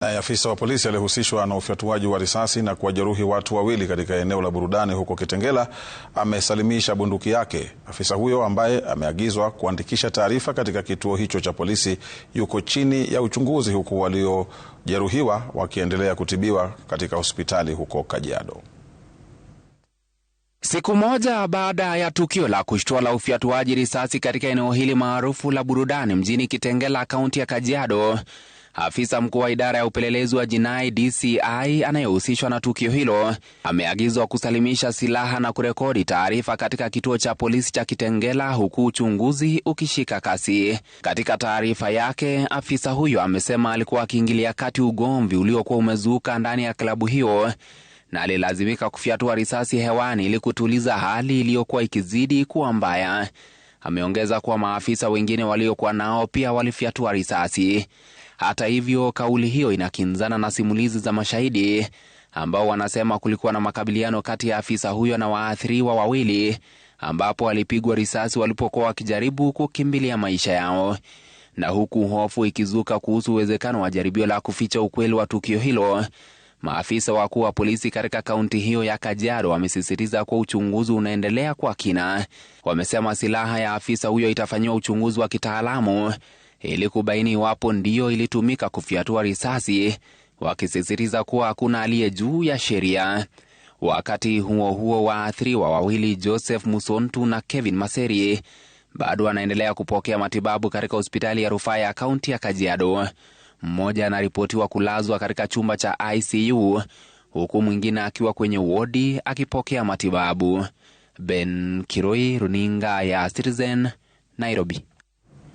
Afisa wa polisi aliyehusishwa na ufyatuaji wa risasi na kuwajeruhi watu wawili katika eneo la burudani huko Kitengela amesalimisha bunduki yake. Afisa huyo ambaye ameagizwa kuandikisha taarifa katika kituo hicho cha polisi yuko chini ya uchunguzi huku waliojeruhiwa wakiendelea kutibiwa katika hospitali huko Kajiado. Siku moja baada ya tukio la kushtua la ufyatuaji risasi katika eneo hili maarufu la burudani mjini Kitengela, kaunti ya Kajiado Afisa mkuu wa idara ya upelelezi wa jinai DCI anayehusishwa na tukio hilo ameagizwa kusalimisha silaha na kurekodi taarifa katika kituo cha polisi cha Kitengela huku uchunguzi ukishika kasi. Katika taarifa yake, afisa huyo amesema alikuwa akiingilia kati ugomvi uliokuwa umezuka ndani ya klabu hiyo na alilazimika kufyatua risasi hewani ili kutuliza hali iliyokuwa ikizidi kuwa mbaya. Ameongeza kuwa maafisa wengine waliokuwa nao pia walifyatua risasi. Hata hivyo, kauli hiyo inakinzana na simulizi za mashahidi ambao wanasema kulikuwa na makabiliano kati ya afisa huyo na waathiriwa wawili, ambapo walipigwa risasi walipokuwa wakijaribu kukimbilia ya maisha yao, na huku hofu ikizuka kuhusu uwezekano wa jaribio la kuficha ukweli wa tukio hilo. Maafisa wakuu wa polisi katika kaunti hiyo ya Kajiado wamesisitiza kuwa uchunguzi unaendelea kwa kina. Wamesema silaha ya afisa huyo itafanyiwa uchunguzi wa kitaalamu ili kubaini iwapo ndiyo ilitumika kufyatua risasi, wakisisitiza kuwa hakuna aliye juu ya sheria. Wakati huo huo, waathiriwa wawili Joseph Musontu na Kevin Maseri bado anaendelea kupokea matibabu katika hospitali ya rufaa ya kaunti ya Kajiado. Mmoja anaripotiwa kulazwa katika chumba cha ICU huku mwingine akiwa kwenye wodi akipokea matibabu. Ben Kiroi, runinga ya Citizen, Nairobi.